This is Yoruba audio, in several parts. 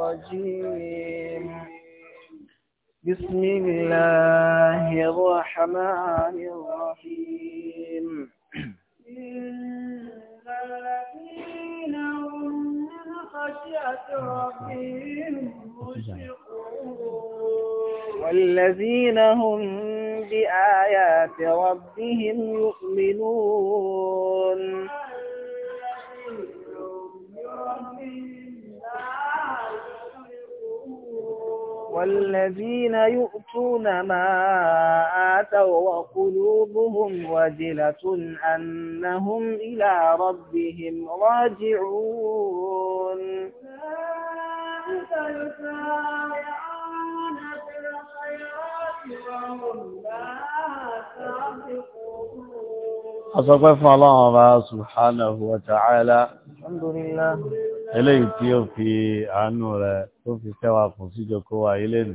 الرجيم بسم الله الرحمن الرحيم إن الذين هم من خشية ربهم والذين هم بآيات ربهم يؤمنون والذين يؤتون ما آتوا وقلوبهم وجلة أنهم إلى ربهم راجعون أولئك في وهم لا أصدق الله سبحانه وتعالى الحمد لله eléyìí tí ó fi àánú rẹ̀ tó fi kẹwàá kù síjòkó wa ilé nù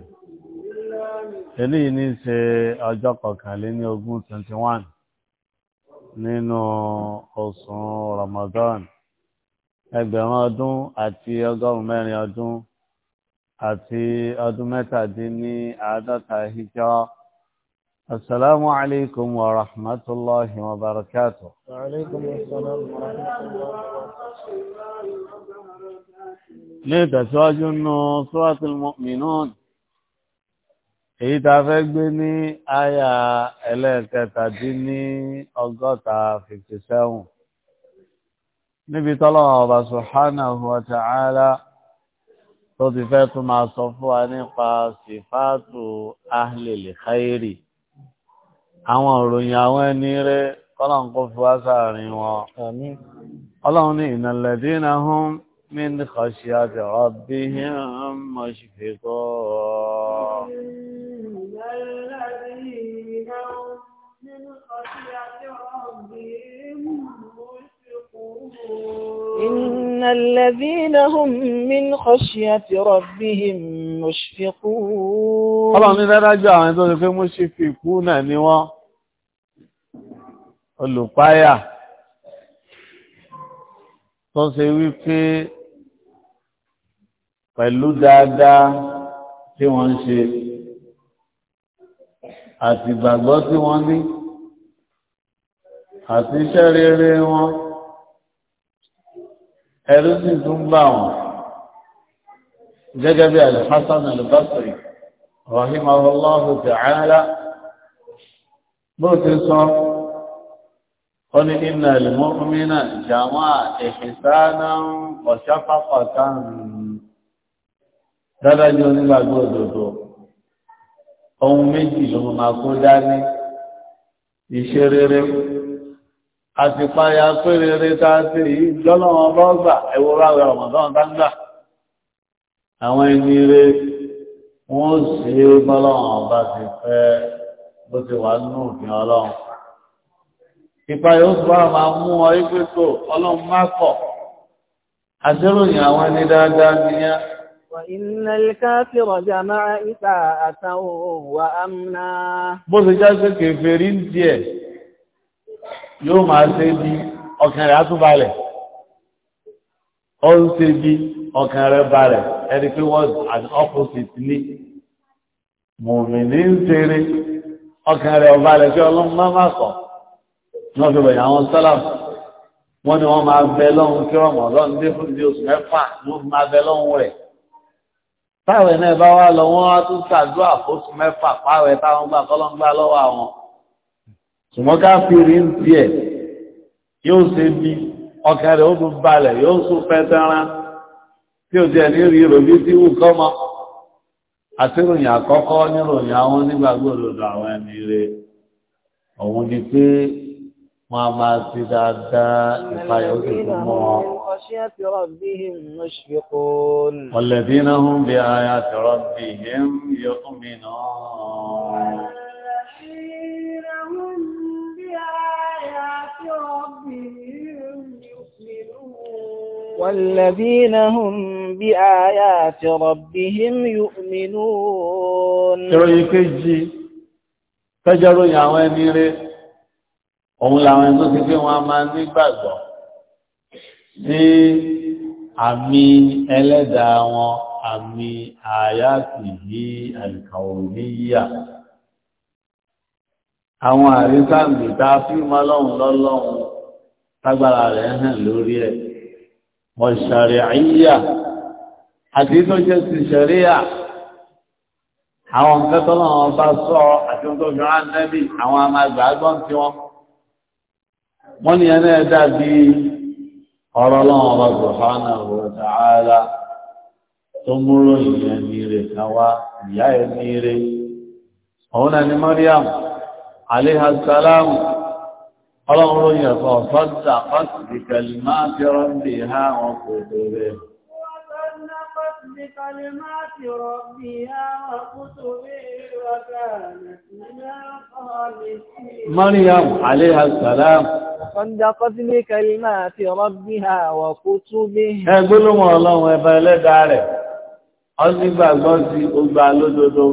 eléyìí ní ṣe ọjọ́ kọkànléní ogún 21 nínú oṣù Ramadan ẹgbẹ̀rún ọdún àti ọgọ́rùn mẹ́rin ọdún àti ọdún mẹ́tàdínní àádọ́ta hijọ́ السلام عليكم ورحمة الله وبركاته وعليكم السلام ورحمة الله وبركاته نتسواج انه سورة المؤمنون èyí tá a fẹ́ gbé ní àyà ẹlẹ́ẹ̀kẹtàdínní ọgọ́ta fifty seven níbi tọ́lọ́wọ́n ọba subhanahu wa ta'ala tó ti fẹ́ tún máa sọ fún wa nípa sífáàtù ahlil khairi àwọn òròyìn àwọn ẹni rẹ̀ ọlọ́run kó fi wá sáàrin wọn ọlọ́run ní ìnàlẹ̀dínà hún min khashiyati rabbihim mushfiqun إن الذين هم من خشية ربهم مشفقون. Ọlọ́run ní dájú àwọn tó ṣe pé olùpáyà tó ṣe wípé pẹ̀lú dáadáa tí wọ́n ń ṣe àti ìgbàgbọ́ tí wọ́n ní àti iṣẹ́ rere wọn ẹ̀rú sì tún bá wọn gẹ́gẹ́ bí al-Hasan al ta'ala bó ti sọ ó ní iná lèmọ́kúnmínà jàmá ìfìsáná ọ̀ṣápápàtà dádájú onígbàgbọ́ òdòdó ohun méjì ló máa kó dání iṣẹ́ rere àti páyà pé rere tá a bọ́ gbà ẹwọ́ ráwẹ̀ ọ̀mọ̀dán àwọn ẹni rẹ wọ́n sì bọ́lọ́wọ́n bá ti fẹ́ bó ti wà nínú òfin ọlọ́run ìpayà ó bá máa mú ọ ipé tó ọlọ́run má àwọn ẹni dáadáa nìyẹn. وإن الكافر جمع إساءة وأمنا bó ṣe já sí kèfèrí ń tiẹ̀ yóò máa ṣe bí ọkàn rẹ̀ á ó ń ṣe bí ọkàn rẹ̀ balẹ̀ ẹni pé wọ́n an opposite ní ń ṣeré wọ́n fi wẹ̀yà àwọn sálàm wọ́n ní wọ́n máa bẹ lọ́hùn kí rọ̀mọ̀dọ́n dé fún bí oṣù mẹ́fà ni wọ́n fi máa bẹ lọ́hùn rẹ̀ táwẹ̀ náà bá wá lọ wọ́n á tún ṣàdúrà fóṣù mẹ́fà páwẹ̀ táwọn gbà kọ́lọ́ ń gbà lọ́wọ́ àwọn ṣùgbọ́n ká fi rí ń tiẹ̀ yóò ṣe bí ọkàn rẹ̀ ó tún balẹ̀ yóò tún fẹ́ tẹ́ran tí ó tiẹ̀ ní rí ròbí tí wù kọ́ àti ìròyìn àkọ́kọ́ níròyìn àwọn nígbàgbọ́ òdodo àwọn ẹni rẹ̀ òun ni pé wọn a máa ṣe dáadáa ìpayà ó sì fún mọ́ wọn. والذين هم بآيات ربهم يؤمنون والذين هم بآيات ربهم يؤمنون. ìròyìn kejì tẹ́jọ́rò yàwọn ẹni òun làwọn ẹni tó ti pé wọn a máa nígbàgbọ́ sí àmì ẹlẹ́dàá wọn àmì àyàtì yìí àìkàwòníyà àwọn àrísàmì tá a fi mọ́ lọ́hùn lọ́lọ́hùn tágbára rẹ̀ hàn lórí ẹ̀ mọ̀ṣàrẹ̀ àyíyà àti tó jẹ́ ti ṣẹ̀ríyà àwọn nǹkan tọ́lọ́wọ́n bá sọ àti tó fi rán nẹ́bì àwọn amagbàgbọ́n tí wọ́n wọ́n ní ẹni ẹ̀dá bí ọ̀rọ̀ ọlọ́run ọba gbọ̀hánà ọ̀rọ̀ta ara tó múrò ìyẹn rẹ̀ káwá ìyá ẹ̀ rẹ̀ òun náà ni Mariam ọlọ́run ha بكلمات ربها وكتبه وكانت من الخالقين مريم عليها السلام صدقت بكلمات ربها وكتبه اقول ما الله وبلد عليه ọdún gbàgbọ́ sí ogbà lódodo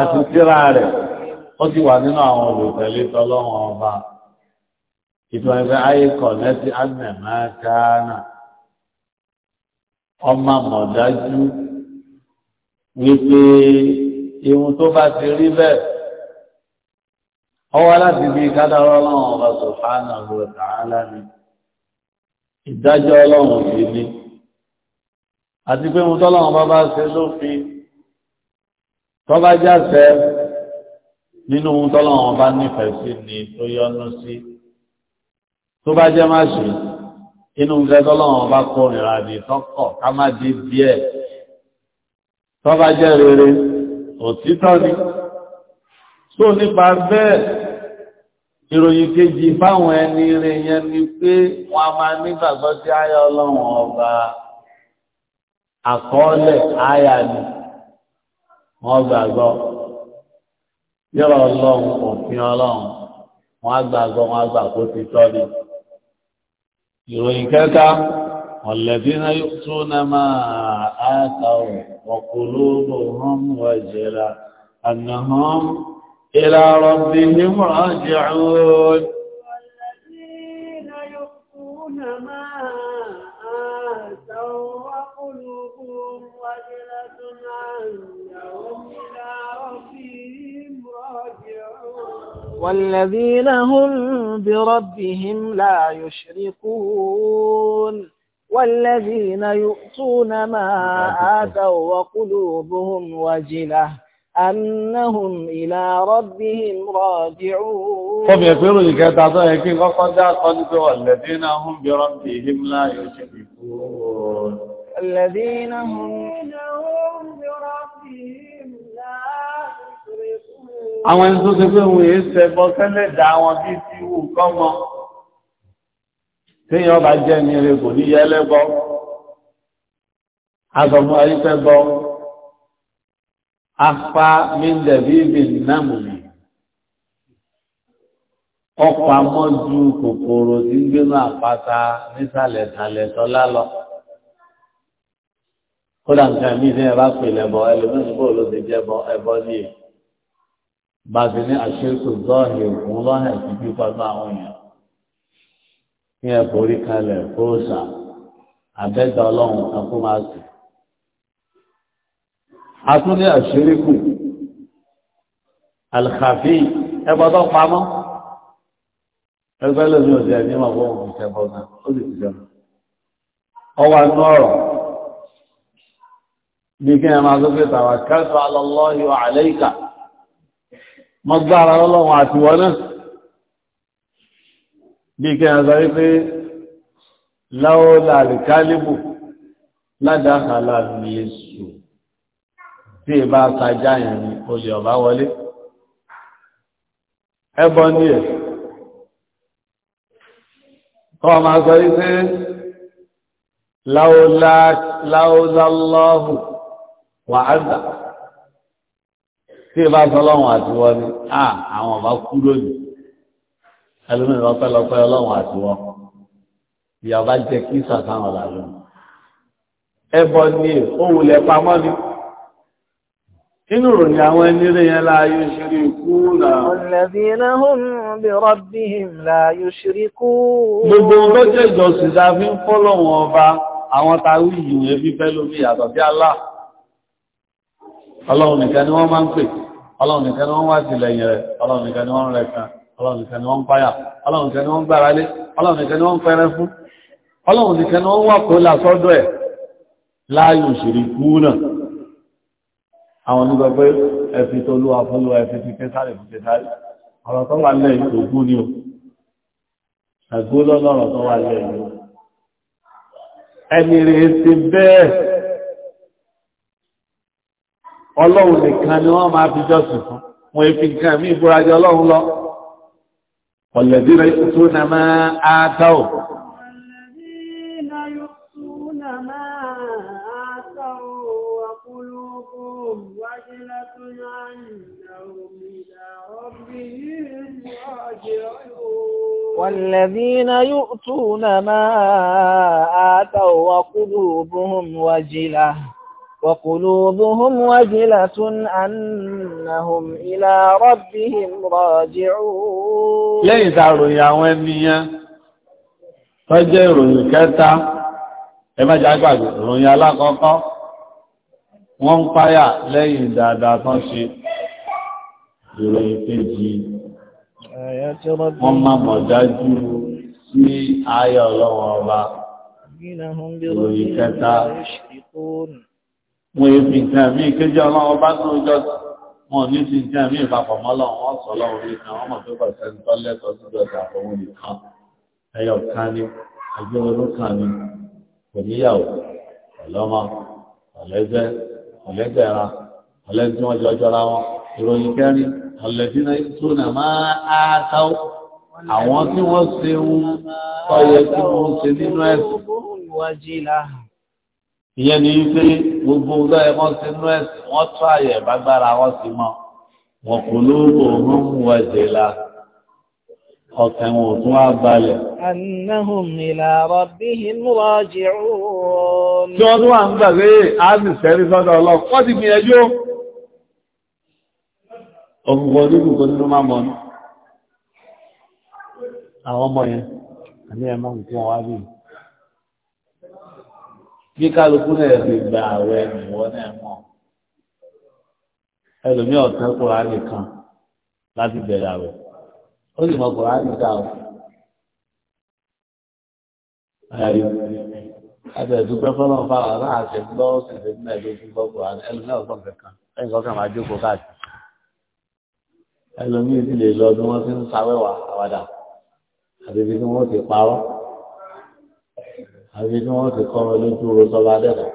àti tíra rẹ̀ ó ti wà nínú àwọn olùtẹ̀lé tọ́lọ́wọ́n ọba ìtọ́ ẹgbẹ́ ayé kọ̀ lẹ́sí agbẹ̀mọ́ káánà ọmọ mọ̀dájú wípé ihun tó bá ti rí bẹ́ẹ̀ ọwọ́ láti bí kádàrọ́ ọlọ́run ọba subhanahu wa ta'ala ni ìdájọ́ ọlọ́run fi ní àti pé ohun tọ́lọ́run bá bá ṣe lófin tó bá jáṣẹ nínú ohun tọ́lọ́run bá nífẹ̀ẹ́ sí ni tó yọ́nú sí tó bá jẹ́ má ṣe inú gẹ́gọ́lọ́wọ́n bá kó ìrà ní tọ́kọ̀ ká má di díẹ̀ tó rere òtítọ́ ni tó nípa bẹ́ẹ̀ ìròyìn kejì fáwọn ẹni rẹ̀ yẹn ni pé wọ́n a máa nígbàgbọ́ sí ayọ̀ ọlọ́run ọba àkọọ́lẹ̀ ayà ni wọ́n gbàgbọ́ yọ̀rọ̀ ọlọ́run òfin ọlọ́run wọ́n á gbàgbọ́ wọ́n á gbà kó ti tọ́ ni ìròyìn kẹta ọ̀lẹ́dínà yóò tún náà máa àtàwọ̀ ọ̀pọ̀lọ́gbò hàn wà jẹ́ra ànàhàn ìlà rọ̀bì ní mọ̀ والذين هم بربهم لا يشركون والذين يؤتون ما آتوا وقلوبهم وجلة أنهم إلى ربهم راجعون طب يقولوا لك تعطوا يكين وقد قلت والذين هم بربهم لا يشركون الذين هم بربهم àwọn ẹni tó ṣe pé òun èé ṣe bọ́ sẹ́lẹ̀ dá wọn bí ti wù kọ́mọ téèyàn bá jẹ́ ní eré kò ní yẹ lẹ́bọ azọmọ ayífẹ́ bọ afá míndẹ̀bí ibi nàmùmí ọkọ̀ amọ́jú kòkòrò tí ń gbénú àpáta nísàlẹ̀ tàlẹ̀ tọ́lá lọ kódà nǹkan mí ní ẹ bá pè lẹ́bọ ẹlòmíràn bó ló ti jẹ́ bọ ẹbọ ní èyí bá ti ní àṣírkù zọ́ọ̀hì òkun lọ́nà ti bí pàtó àwọn èèyàn kí ẹ forí kalẹ̀ fóòsà àbẹ́gbà ọlọ́run kan kó máa sì. a tún ní àṣírkù alkhafi ẹgbẹ́ tó pamọ́ ẹgbẹ́ lómi ò sí ẹni mọ̀ fún òun ìṣẹ́ bọ́ náà ó sì ti jẹun. ọwọ́ inú ọ̀rọ̀ bí kí ẹ máa tó fi tàwa kẹ́sọ̀ alọ́lọ́ àlẹ́ ìkà mọ́ gbára ọlọ́run àti wọ́n náà bí kí a sọ wípé láọ́lá àlìkálíbù ládàkàlà ní èsù tí ì bá sajá yẹn ni olè ọ̀bá wọlé ẹbọ ní ẹ̀ kọ́ ma sọ wípé láọ́lá láọ́lá lọ́hùn wà á tí ìbá sọlọ́run àti wọ́n ni à àwọn ọba kú lónìí ẹlòmíràn lọ́pẹ́ lọ́pẹ́ ọlọ́run àti wọ́n ìyá ọba jẹ kí sàtàwọn là ẹbọ ni òun pamọ́ ni inú ìròyìn àwọn ẹnire yẹn láàyò ṣírí kú náà. Alladhina hum bi rabbihim la yushrikun. Gbogbo ọjọ́ jẹ́ ìjọsìn ta fi ń fọ́lọ̀ wọn ọba àwọn tàwí ìyìnwé fífẹ́ lómi yàtọ̀ sí Ọlọ́run nìkan ni wọ́n máa ń pè ọlọ́run nìkan ni wọ́n wá sí lẹ́yìn rẹ̀ ọlọ́run nìkan ni wọ́n rẹ̀ kan ọlọ́run nìkan ni wọ́n páyà ọlọ́run nìkan ni wọ́n gbára lé ọlọ́run nìkan ni wọ́n fẹ́rẹ́ fún ọlọ́run nìkan ni wọ́n wà kó là sọ́dọ̀ ẹ̀ láàyò òṣèré kú náà àwọn nígbà pé ẹ̀fì tó lúwa fún lúwa ẹ̀fì ti kẹsàrẹ̀ fún kẹsàrẹ̀ ọ̀rọ̀ tó wà lẹ́yìn tó gún ní o àgbólọ́lọ́rọ̀ tó wà lẹ́yìn ọlọ́run nìkan ni wọ́n máa fi jọ́sìn fún wọn èfi nǹkan mí ìbúrajọ ọlọ́run lọ ọ̀lẹ́dínà tó na máa áátá ò والذين يؤتون ما آتوا وقلوبهم وجلة وقلوبهم وجلة أنهم إلى ربهم راجعون لين تعالوا يا وميا فجروا كتا ẹ má jẹ́ àgbàgbé ìròyìn alákọ̀ọ́kọ́ wọ́n ń páyà lẹ́yìn dáadáa tán ṣe ìròyìn kejì wọ́n má mọ̀ dájú sí ayọ̀ ọlọ́wọ́ ọba ìròyìn kẹta wọ́n yé fi nǹkan mí kéjì ọlọ́run bá tó jọ wọn ní fi nǹkan mí ìpapọ̀ mọ́lọ́run wọ́n sọ lọ́run ní kan wọ́n mọ̀ tó pàṣẹ ń tọ́ lẹ́tọ̀ọ́ sí ìjọba àwọn nìkan ẹyọ kan ní ẹgbẹ́ olókan ní kò níyàwó ọlọ́mọ ọ̀lẹ́gbẹ́ ọ̀lẹ́gbẹ̀ra ọ̀lẹ́gbẹ́ wọn jọjọra wọn ìròyìn kẹrin ọ̀lẹ́bí náà tó nà máa ìyẹn ni wípé gbogbo ọgbà ẹ̀ wọ́n ti nú ẹ̀sìn wọ́n tó àyẹ̀ bágbára wọ́n ti mọ́ wọn kò lóògbò wọn mú wa jẹ̀la ọ̀kẹ́ wọn ò tún wá balẹ̀. annahum ila rabbihim raji'un. tí wọ́n tún wà ń gbàgbé áàmì sẹ́rí sọ́dọ̀ ọlọ́run wọ́n ti gbìyànjú. ọ̀gbọ̀n onígun kò nínú máa mọ̀ ní. àwọn ọmọ yẹn àní ẹ̀ máa ń kí wọn wá bí mi bí kálukú náà lè gba àwẹ̀ ìwọ náà mọ̀ ẹlòmíì ọ̀tán kùránì kan láti bẹ̀rẹ̀ àwẹ̀ ó sì mọ kùránì ká o. Adẹ̀dúgbẹ́ fọlọ́n fáwọn aláàṣẹ gbọ́ ṣẹ̀ṣẹ̀ nílẹ̀ tó ti gbọ́ kùránì ẹlòmíì ọ̀tán kankan ẹ̀yìn kankan máa jókòó káàkiri. ẹlòmíì sì lè lọ bí wọ́n ti ń sáwẹ́wà àwàdà àti ibi tí wọ́n ti parọ́ àti tí wọ́n ti kọ́rọ lójú oró sọba dẹ́dà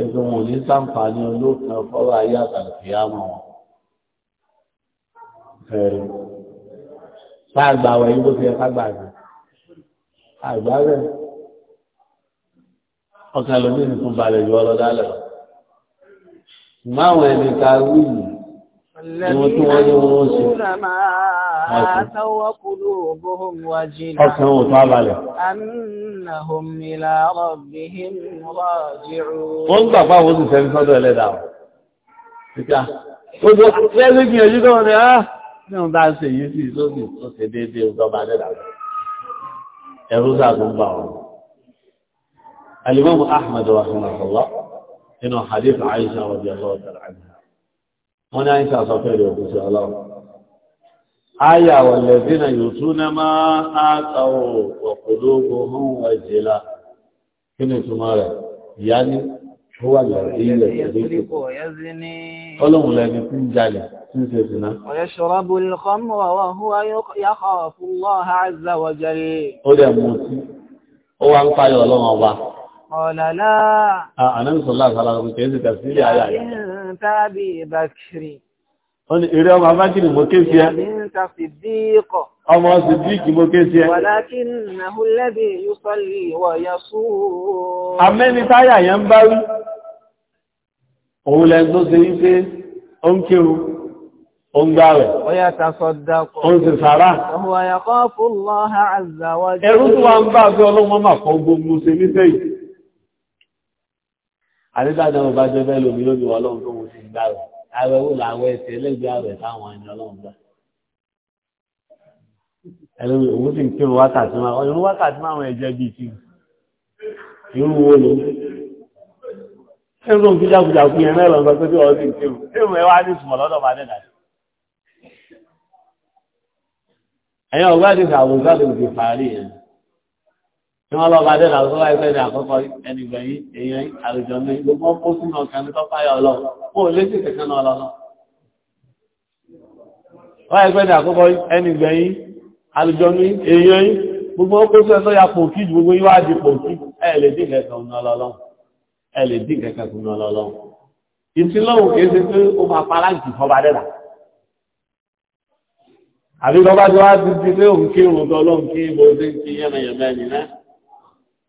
ètò wọn ò ní sàǹfààní olóòfin ọfọ́rọ̀ ayé àtàlùfíà mọ́ wọn. ẹ̀rù sáàgbà wẹ̀ yìí bó ti yẹ kágbà rẹ̀ àgbà rẹ̀ ọkàn lómi ní tún balẹ̀ ju ọlọ́dá lẹ̀ lọ. máwọn ẹni ká wí ni wọ́n tún wọ́n ní wọ́n ń ṣe. Ọkàn ò tó abalẹ̀. Wọ́n ń gbàgbà wo sì fẹ́mi sọ́dọ̀ ẹlẹ́dà ọ̀. Ìjà, gbogbo fẹ́lú gbìyànjú tó wọ́n ni, ah, ní ọ̀n bá ń ṣe yìí sí lóbi tó ṣe déédéé ọjọ́ba dẹ́dà. Ẹ̀rú sàgbó ń bà wọn. Alimọ́mù Ahmad Rahimahullah nínú Hadith آية والذين يؤتون ما آتوا وقلوبهم وجلة kíni ìtumọ̀ rẹ̀ ìyá ní ó wà lọ́rọ̀ ilẹ̀ ìdíkò ọlọ́run lẹni tí ń jalè tí ń ṣe sínà. ويشرب الخمر وهو يخاف الله عز وجل. ó dẹ̀ mú sí ó ní eré ọmọ abákìrì mo ké sí ẹ ọmọ sìdíkì mo ké sí ẹ amẹ́ni táyà yẹn ń bá rí òun lẹ́n tó ṣe wípé ó ń kírun ó ń gbá rẹ̀ ó ń sì sàárà ẹ̀rù tó wá ń bá fẹ́ ọlọ́mọ mà gbogbo ṣe nífẹ́ yìí àrídájọ́ ọba bẹ́ẹ̀ lómi lómi wọ́n sì àwẹ̀ wò làwẹ̀ ẹsẹ̀ ẹlẹ́gbẹ̀ẹ́ àwẹ̀ táwọn ẹni ọlọ́run gbà. ẹlẹ́gbẹ̀ẹ́ òun sì ń kírun wákàtí máa wọ́n irun wákàtí máa wọn ẹ̀jẹ̀ bíi ti irú wo ló ń kírun kí jákujàku yẹn náà lọ́nà pé kí wọ́n sì ń kírun kírun ẹ wá ní ìsùnmọ̀ lọ́dọ̀ máa dẹ̀ dàdí. ẹ̀yin ọ̀gbá ti sàbòsàbò ti parí yẹn ní wọ́n lọ́ba dé làwọn sọ́wọ́ ẹgbẹ́ ní àkọ́kọ́ ẹnìgbẹ̀yìn èèyàn àrùjọ ní gbogbo kó sínú ọ̀kan ní tọ́páyà ọlọ́run ó lé sí kẹ̀kẹ́ náà lọ́nà wọ́n ẹgbẹ́ ní àkọ́kọ́ ẹnìgbẹ̀yìn àrùjọ ní èèyàn gbogbo kó sínú ya pòkí ju gbogbo yíwá di pòkí ẹ̀ lè dín kẹ̀kẹ́ kùnà lọ́lọ́run ẹ̀ lè dín kẹ̀kẹ́ kùnà lọ́lọ́run ìtìlọ́wù kìí ṣe pé ó máa pa di pé òun kí òun tọ́ ọlọ́run kí ibo ṣe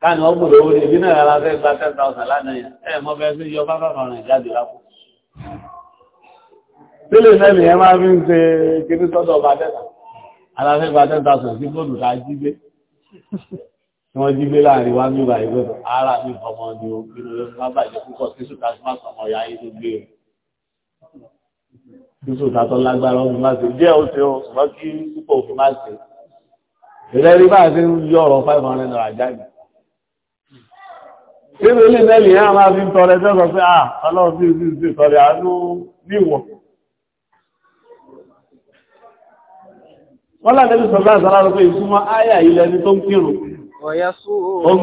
káàní ọgbò lówó ní ìbínú ẹ̀rọ afẹ́ gba ten thousand lánàá yẹn ẹ̀ mọ́ bẹ́ẹ̀ sí yọ bá bàbá rìn jáde lápò. Tílé sẹ́mi yẹn máa fi ń ṣe kíní sọ́dọ̀ ọba tẹ́ta. Aláfẹ́ gba ten thousand sí fóònù tá a Tí wọ́n jí láàrin wá ní ìbàyí gbọ́dọ̀, ara mi fọmọ ni o, inú ló máa bàjẹ́ púpọ̀ sí sùtà sí máa sọmọ ìyá yìí tó gbé o. Sí sùtà tó lágbára ọmọ máa ṣe, díẹ̀ ó ṣe o, ṣùgbọ́n kí púpọ̀ Ebi ilé mẹ́lì yẹn máa fi ń tọrẹ tẹ́sọ pé à ah, ọlọ́run sí ìsìn sí ìtọrẹ àánú níwọ̀. Wọ́n láti ẹbí sọ̀rọ̀ láti sọ̀rọ̀ pé ìsúnmọ́ áyà ilẹ̀ ẹni tó ń kírun. Ó ń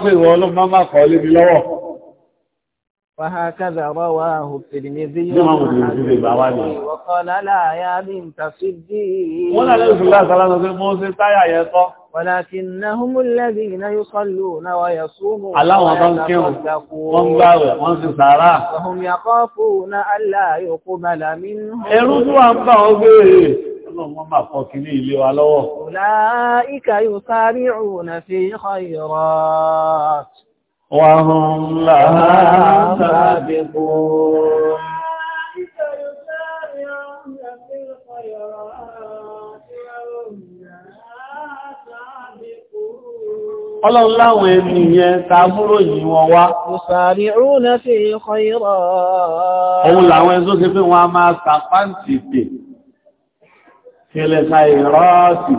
gbààwẹ̀, ó وهكذا رواه الترمذي وقال لا يا بنت صدي ولكنهم الذين يصلون ويصومون وهم يخافون ألا يقبل منهم Ọlọ́run máa fọ́ kì ní وهم لها سابقون Ọlọ́run láwọn ènìyàn tàbúrò yìí wọn wá. Musari'una fi khairat. Òun làwọn ẹzó ṣe pé wọn a máa sàpáǹtì pè, kí lẹ́sà ìrọ́ọ̀sì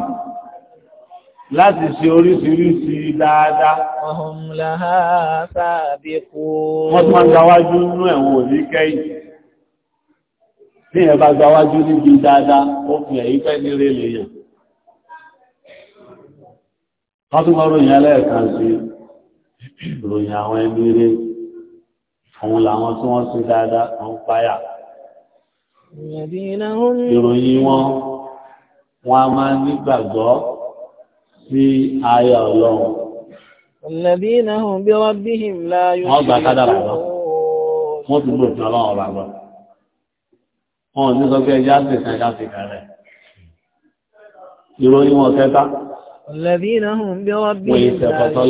láti ṣe oríṣiríṣi dáadáa. ọ̀hún làá sáàbí kú. wọ́n tún máa gbáwájú nínú ẹ̀wọ̀n òní kẹ́yìn. bí ẹ bá gbáwájú níbi dáadáa ó fi ẹ̀yí fẹ́ ní rélé yàn. wọ́n tún máa ròyìn ẹlẹ́ẹ̀kan sí ròyìn àwọn ẹbí rẹ̀ òun làwọn tí wọ́n ṣe dáadáa wọ́n páyà. ìròyìn wọn wọn a máa nígbàgbọ́ sí ayé ọlọ́run. Alladhina hum bi rabbihim la yushrikun. Wọ́n gba kádàrà lọ. Wọ́n ti gbò fún ọlọ́run ọba gbọ́. Wọ́n ò ní sọ pé ẹja ṣe ṣe ẹja ṣe kẹrẹ. Ìròyìn wọn kẹta. Alladhina hum bi rabbihim la yushrikun.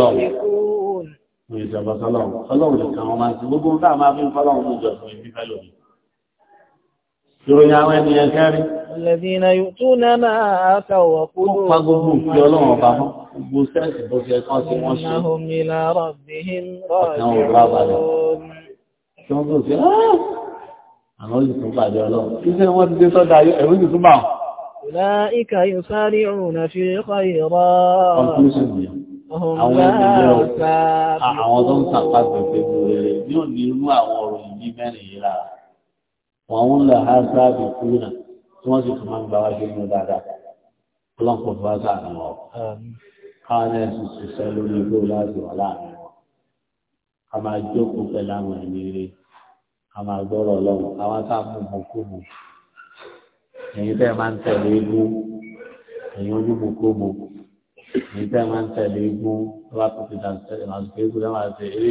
Wọ́n yìí sẹ̀fọ́ sọ́lọ́run. Ọlọ́run nìkan wọn máa ń sin gbogbo táà máa fi ń fọ́lọ́run ní ìjọsìn ìbí fẹ́ lónìí ìròyìn àwọn ènìyàn kẹrin. Alladhina yu'tuna ma ataw wa qulubuhum. Wọ́n pa gbogbo ìfi ọlọ́run ọba mọ́, gbogbo sẹ́ẹ̀sì bó ṣe kán sí wọ́n ṣe. Innahum ila rabbihim raji'un. Ọ̀kan òbúra balẹ̀. Tí wọ́n tó ṣe, àwọn olùtún pàdé ọlọ́run. Kí sẹ́ àwọn tó ń sàpàgbẹ̀ pé rẹ̀ yóò ní irú àwọn ọ̀rọ̀ yìí mẹ́rin yìí lára wọn ń lọ ha sáàbì kúrò tí wọ́n sì tún máa ń gba wájú inú dáadáa ọlọ́pọ̀ tó bá sáàbì wọn káwọn ẹ̀sùn ṣiṣẹ́ lórí igbó láti wà láàrin wọn a máa jókòó pẹ̀lú àwọn ẹ̀mí rẹ̀ a máa gbọ́rọ̀ ọlọ́run àwọn sáàbù mọ̀kúmù ẹ̀yin tẹ́ máa ń tẹ̀lé igbó ẹ̀yin olúmọ̀kúmù ẹ̀yin tẹ́ máa ń tẹ̀lé igbó tó bá tó fi dànsẹ́ ìrànṣẹ́ igbó lẹ́wọ̀n àti eré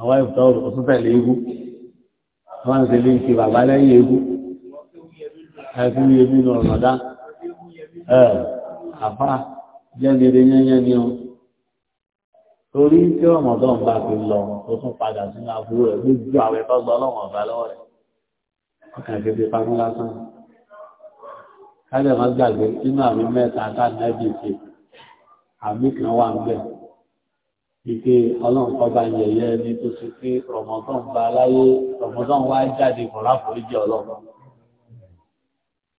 àwọn ìfẹ́ òtún tẹ̀lé eégún wọ́n ń tẹ̀lé ìfẹ́ bàbá lẹ́yìn eégún ẹ̀fún yẹmí ní ọ̀nàdá ẹ̀ àfá jẹ́gẹ̀rẹ̀ yẹ́yẹ́ ni ọ torí tí ọmọdé ọ̀nà fi lọ tó tún padà sínú àbúrò rẹ̀ lójú àwẹ̀ tó gbọ́ lọ́wọ́ ọ̀bá lọ́wọ́ rẹ̀ ọkàn ti fi pamọ́ lásán kájọ̀ má gbàgbé nínú àmì mẹ́ta tá àmì kan wà ń bẹ̀ ike ọlọ́run kọba yẹyẹ ẹni tó ṣe pé rọmọdán bá aláyé rọmọdán wá jáde kọ̀ láforíjì ọlọ́run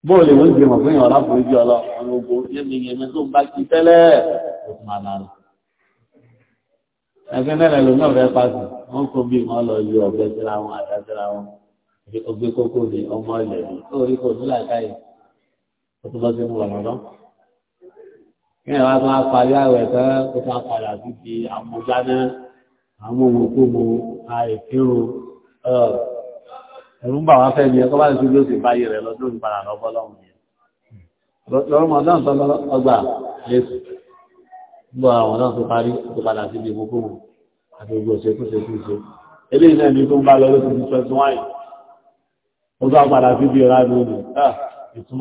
bóòlù ìwé ìgbìmọ̀ fún ìyàn láforíjì ọlọ́run gbogbo yẹmi yẹmi tó ń bá kí tẹ́lẹ̀ òkun àdàlù ẹgbẹ́ mẹ́rin ló náà fẹ́ pàṣẹ wọn kò bí wọn lọ yọ ọ̀bẹ síra wọn àdá síra wọn ọgbẹ́ kókó ni ọmọ ilẹ̀ ní orí yẹn wá máa parí àwẹ̀ tán kó máa padà sí ti àmúgbáná àwọn òwòkúwò àìkírun ẹ̀rù ń bà wá fẹ́ ni ẹ̀kọ́ bá ti ló sì báyìí rẹ̀ lọ́dún ìpadà lọ́bọ́ lọ́hùn yẹn lọ́rùn ọdún tó ọgbà lẹ́sù gbọ́ àwọn ni tó ń bá lọ lóṣù twenty one ó tó padà sí ibi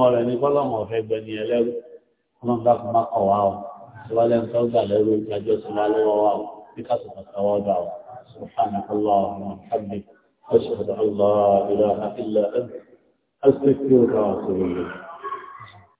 ah, ni kọ́lọ́mù ọ̀fẹ́ gbẹ̀ni ẹlẹ́rú ọlọ́run bá kọ́ máa kọ̀ wá ṣọlọ́lẹ́ ń tọ́gbà lẹ́rú ìgbàjọ́ ṣọlá lọ́wọ́ wa o bí ká sọ̀tọ̀ sọ́wọ́ gbà o سبحانك اللهم وبحمدك أشهد أن لا إله إلا أنت أستغفرك وأتوب إليك